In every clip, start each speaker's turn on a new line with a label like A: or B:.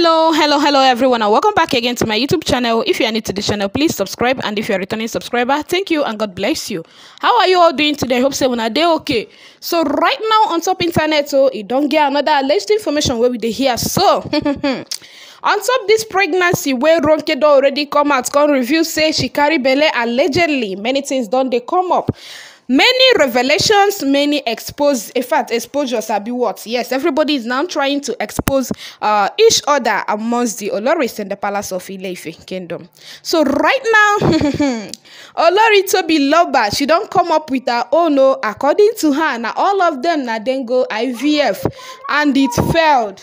A: hello hello hello everyone and welcome back again to my youtube channel if you are new to the channel please subscribe and if you are a returning subscriber thank you and god bless you how are you all doing today hope so are dey okay so right now on top internet so e don't get another alleged information where we dey hear so on top this pregnancy where ronke don already come out come reveal say she carry belly allegedly many things don't they come up many revelations many expose in fact exposures are be what yes everybody is now trying to expose uh, each other amongst the oloris in the palace of ileife kingdom so right now olori tobi loba she don come up with her own oh, no according to her now all of them now then go ivf and it failed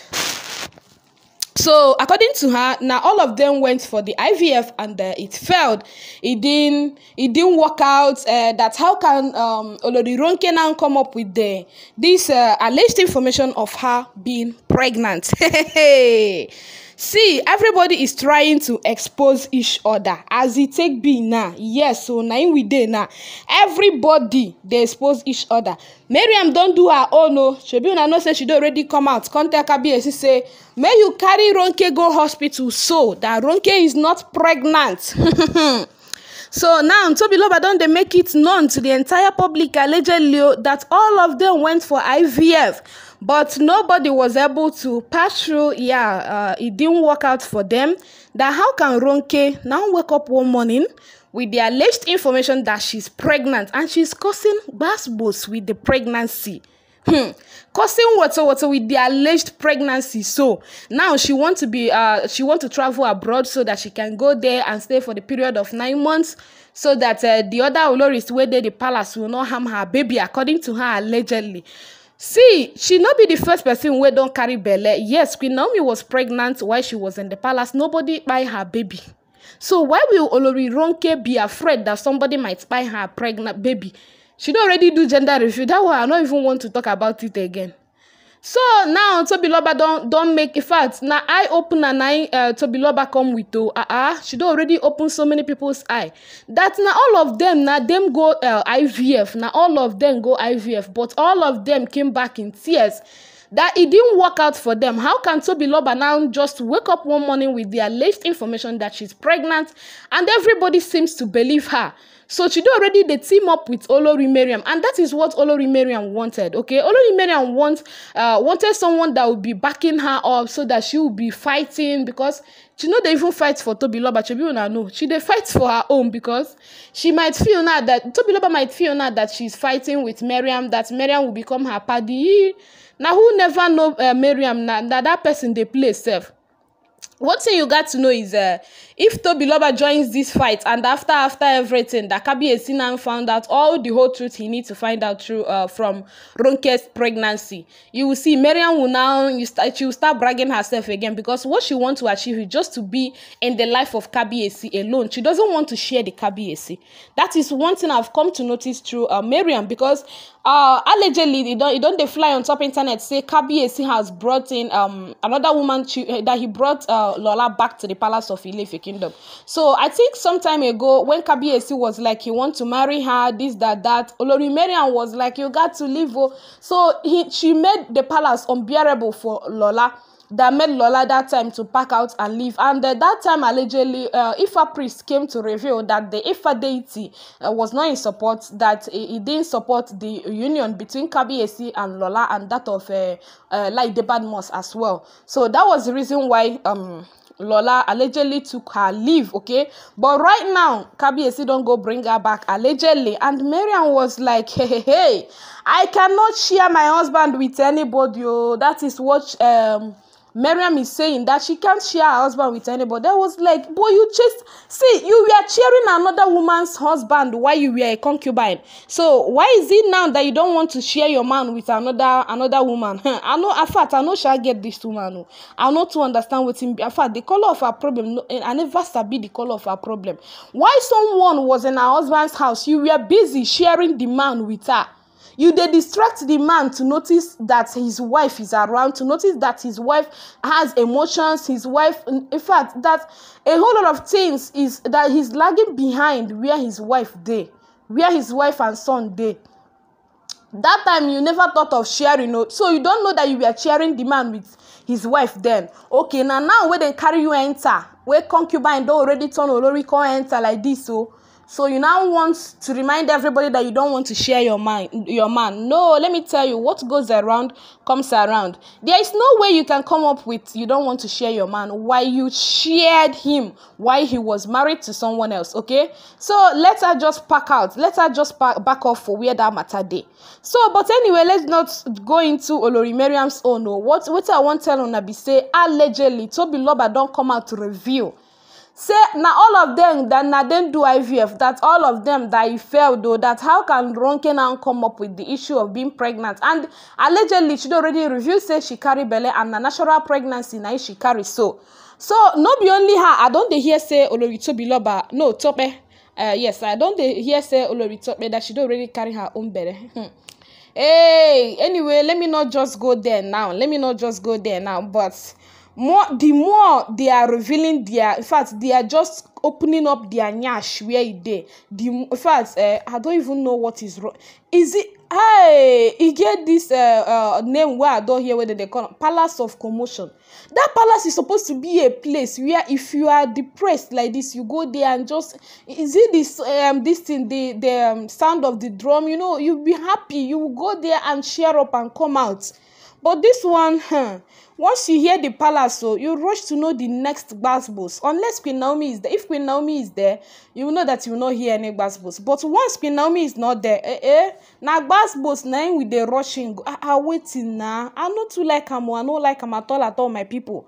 A: So, according to her, now all of them went for the IVF and uh, it failed. It didn't. It didn't work out. Uh, that how can um, Olodironke now come up with the this uh, alleged information of her being pregnant? see everybody is trying to expose each other as e take be now yes So na im we dey now everybody dey expose each other maryam don do her own o oh. shebi una know say she don already come out come tell kabiyesi say may you carry ronke go hospital so that ronke is not pregnant. So now Tobiloba don dey make it known to the entire public allegedly oh, that all of them went for IVF but nobody was able to pass through. Yeah, uh, it didn't work out for them. That how can Ronke now wake up one morning with the alleged information that she's pregnant and she's causing basbos with the pregnancy. Hmm. Causing water water with the alleged pregnancy. So now she wants to be uh she wants to travel abroad so that she can go there and stay for the period of nine months so that uh, the other Oloris where the palace will not harm her baby, according to her allegedly. see she not be the first person wey don't carry belle yes queen naomi was pregnant while she was in the palace nobody buy her baby so why will olorirunke be afraid that somebody might buy her pregnant baby she don already do gender review. that why i no even want to talk about it again so now tobiloba don don make in fact na eye opener na im eh, tobiloba come with o ah ah she don already open so many people's eye that na all of them na them go eh, ivf na all of them go ivf but all of them came back in tears that it didn't work out for them, how can Loba now just wake up one morning with the alleged information that she's pregnant and everybody seems to believe her? So Chido already they team up with Olori Mariam, and that is what Olori Mariam wanted. Okay, Olori Mariam wants uh, wanted someone that would be backing her up so that she would be fighting because she know they even fight for Loba. Tobiloba. not know she they fight for her own because she might feel now that Loba might feel now that she's fighting with Mariam, that Mariam will become her party. na who never know uh, marry na dat that person dey play sef. one thing you got to know is uh, if Tobiloba joins this fight and after after everything that Kabiyesi found out all the whole truth he need to find out through uh, from Ronke's pregnancy you will see Mariam will now you start she will start bragging herself again because what she want to achieve is just to be in the life of Kabiyesi alone she doesn't want to share the Kabiyesi that is one thing I've come to notice through uh, Mariam because uh, allegedly e don e don dey fly on top internet say Kabiyesi has brought in um, another woman uh, that he brought uh, Lola back to the palace of Ilefe kingdom. So I think some time ago when Kabiyesi was like he want to marry her, this, that, that, Olori Mariam was like you got to leave. Oh. So he, she made the palace unbearable for Lola that made Lola that time to pack out and leave. And uh, that time, allegedly, uh, Ifa priest came to reveal that the Ifa deity uh, was not in support, that he, he didn't support the union between Kabiesi and Lola and that of uh, uh, like the bad moss as well. So that was the reason why um, Lola allegedly took her leave, okay? But right now, Kabiesi don't go bring her back allegedly. And Marian was like, hey, hey, hey, I cannot share my husband with anybody. Oh, that is what um Miriam is saying that she can't share her husband with anybody. I was like, boy, you just see, you were cheering another woman's husband while you were a concubine. So why is it now that you don't want to share your man with another another woman? I know, in fact, I know she get this woman. Oh. I know to understand what in, in fact the color of her problem. Eh, I never be the color of her problem. Why someone was in her husband's house? You were busy sharing the man with her you dey distract the man to notice that his wife is around to notice that his wife has emotions his wife in fact that a whole lot of things is that he's lagging behind where his wife dey where his wife and son dey that time you never thought of sharing o so you don't know that you were sharing the man with his wife then okay na now wey dem carry you enter wey concubine don already turn olori come enter like this o. Oh. So, So you now want to remind everybody that you don't want to share your mind your man. No, let me tell you, what goes around comes around. There is no way you can come up with you don't want to share your man why you shared him why he was married to someone else, okay? So let her just pack out. Let her just pack, back off for where that matter day. So but anyway, let's not go into Olori Mariam's oh no. What what I want to tell on be say allegedly Toby Loba don't come out to reveal say na all of dem that na dem do ivf that all of dem that e fail though that how can ronke now come up with the issue of being pregnant and allegedly she don already reveal say she carry belle and na natural pregnancy na she carry so so no be only her i don dey hear say olori tobiloba no tope uh, yes i don dey hear say olori that she don already carry her own belle hmm. hey anyway let me not just go there now let me not just go there now but more the more they are revealing their in fact they are just opening up their nyash where e dey the in fact uh, i don't even know what is wrong is it hey e get this uh, uh, name wey i don hear wey dem dey call am palace of commotion that palace is supposed to be a place where if you are depressed like this you go there and just is it this um, this thing the the um, sound of the drum you know you be happy you go there and cheer up and come out But this one, hmm, once you hear the palace, so oh, you rush to know the next gospels. Unless Queen Naomi is there. If Queen Naomi is there, you know that you will not hear any gospels. But once Queen Naomi is not there, eh, eh, now gospels, now with the rushing, I, I waiting now. I not too like him, oh, I not like him at all, at all, my people.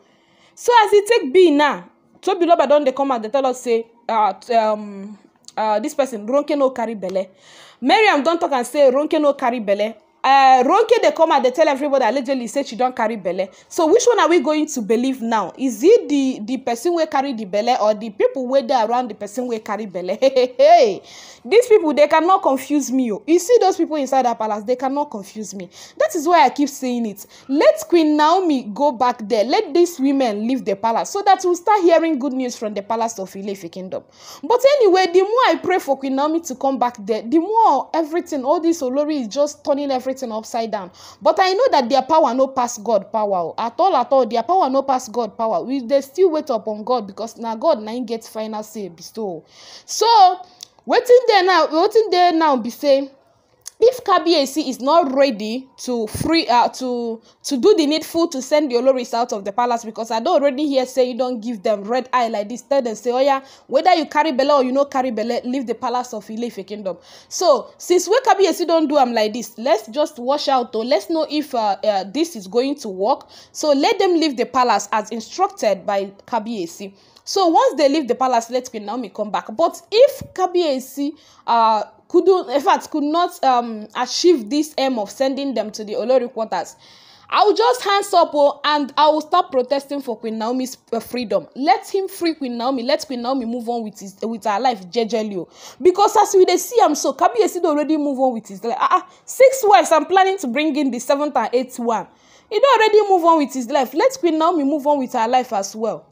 A: So as it e take be now, so Loba don't they come and they tell us, say, uh, um, uh, this person, Ronke no carry belle. Miriam don't talk and say, Ronke no carry belle. uh, Ronke they come and they tell everybody allegedly say she don't carry belle. So which one are we going to believe now? Is it the the person who carry the belle or the people where they around the person who carry belle? Hey, hey, These people they cannot confuse me. Oh. You see those people inside the palace, they cannot confuse me. That is why I keep saying it. Let Queen Naomi go back there. Let these women leave the palace so that we'll start hearing good news from the palace of Ilefi Kingdom. But anyway, the more I pray for Queen Naomi to come back there, the more everything, all this Olori is just turning everything everything upside down but i know that their power no pass god power oh. at all at all their power no pass god power we they still wait upon god because now god na gets final say bestow so waiting there now Waiting there now be saying if Kabiyesi is not ready to free uh, to to do the needful to send the Oloris out of the palace because I don already hear say you don give them red eye like this tell them say oya oh, yeah, whether you carry belle or you no carry belle leave the palace of Ile-Ife kingdom so since wey Kabiyesi don do am like this let's just watch out o let's know if uh, uh, this is going to work so let them leave the palace as instructed by Kabiyesi so once they leave the palace let Queen Naomi come back but if Kabiyesi uh, couldn't, in fact, could not um, achieve this aim of sending them to the Olori quarters. I will just hands up oh, and I will start protesting for Queen Naomi's uh, freedom. Let him free Queen Naomi. Let Queen Naomi move on with his with her life jejely. Oh. Because as we dey see am so, Kabiyesi don already move on with his life. Ah, uh, uh, six wives I'm planning to bring in the seventh and eighth one. He don already move on with his life. Let Queen Naomi move on with her life as well.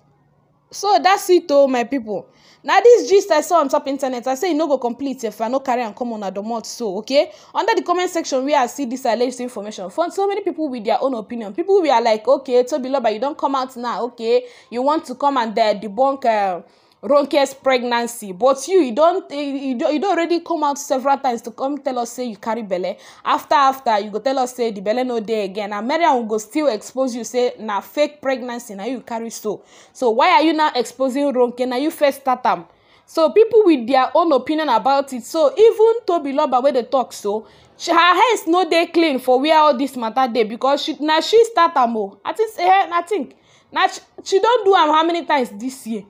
A: So that's it oh my people. Now this gist i saw on top internet i say you no go complete if i no carry and come on una domot so okay under the comment section we are see this alleged information from so many people with their own opinion People we are like okay tobiloba you don't come out now okay you want to come and uh, debunk. Uh, ronke's pregnancy but you you don't you don you don't already come out several times to come tell us say you carry belle after after you go tell us say the belle no dey again and will go still expose you say na fake pregnancy Now you carry so so why are you now exposing ronke Now you first start am so people with their own opinion about it so even Toby tobiloba wey dey talk so she, her hands no dey clean for where all this matter dey because she na she start am i think say eh, i think na she, she don do am how many times this year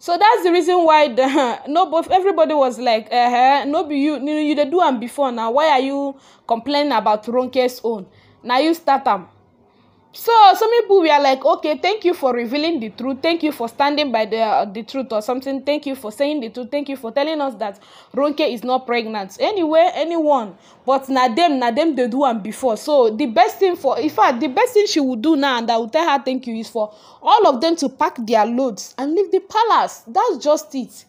A: so that's the reason why the no both everybody was like uh -huh, no be you you, you dey do am before now why are you complaining about ronke's own Now you start them." so some people were like okay thank you for revealing the truth thank you for standing by the uh, the truth or something thank you for saying the truth thank you for telling us that ronke is not pregnant anyway anyone but na dem na dem dey do am before so the best thing for in fact the best thing she would do now and i would tell her thank you is for all of them to pack their loads and leave the palace that's just it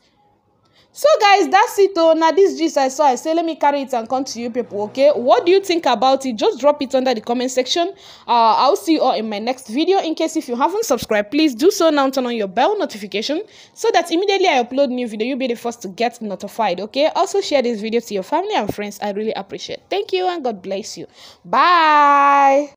A: so guys that's it oh now this gist i saw i say let me carry it and come to you people okay what do you think about it just drop it under the comment section uh i'll see you all in my next video in case if you haven't subscribed please do so now turn on your bell notification so that immediately i upload new video you'll be the first to get notified okay also share this video to your family and friends i really appreciate thank you and god bless you bye